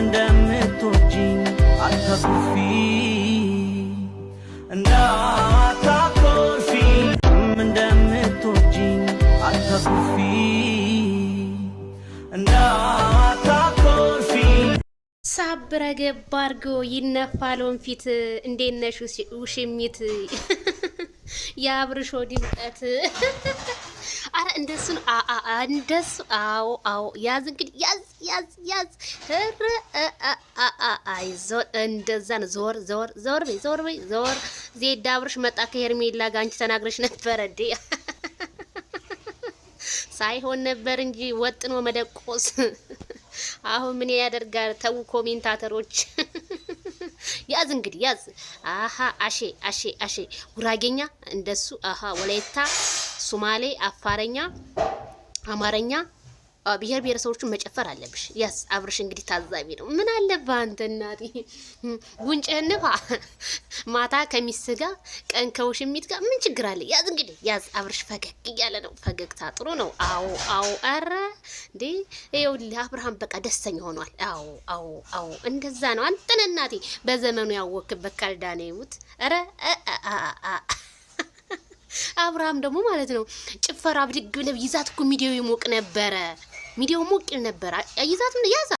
እንደምትወጂኝ አታኩርፊ እንዳታኮርፊ እንደምትወጂኝ አታኩርፊ እንዳታኮርፊ ሳብረ እንዴት ነሽ ውሽሚት የአብርሾ ድምቀት እንደሱን እንደሱ አዎ አዎ ያዝ እንግዲህ ያዝ ያዝ ያዝ ህር አይዞን እንደዛ ነው። ዞር ዞር ዞር በይ ዞር በይ ዞር ዜድ አብርሽ መጣ ከሄርሜላ ጋር አንቺ ተናግረሽ ነበረ እንዴ? ሳይሆን ነበር እንጂ ወጥኖ መደቆስ። አሁን ምን ያደርጋል? ተው ኮሜንታተሮች ያዝ እንግዲህ ያዝ። አሀ አሼ አሼ አሼ ጉራጌኛ እንደሱ አሀ ወላይታ ሱማሌ፣ አፋረኛ፣ አማረኛ ብሔር ብሔረሰቦችን መጨፈር አለብሽ። ያስ አብርሽ እንግዲህ ታዛቢ ነው። ምን አለብህ አንተ እናቴ ጉንጭህን ንፋ። ማታ ከሚስትህ ጋር ቀን ከውሽሚት ጋር ምን ችግር አለ? ያዝ እንግዲህ ያዝ። አብርሽ ፈገግ እያለ ነው። ፈገግታ ጥሩ ነው። አዎ አዎ። አረ እንዴ ይኸውልህ አብርሃም በቃ ደስተኛ ሆኗል። አዎ አዎ አዎ። እንደዛ ነው። አንተን እናቴ በዘመኑ ያወክበት ካልዳኔ ይሙት ኧረ አብርሃም ደግሞ ማለት ነው ጭፈራ ብድግ ብለህ ይዛት እኮ ሚዲያው ይሞቅ ነበረ። ሚዲያው ሞቅ ይል ነበረ። ይዛት ያዛ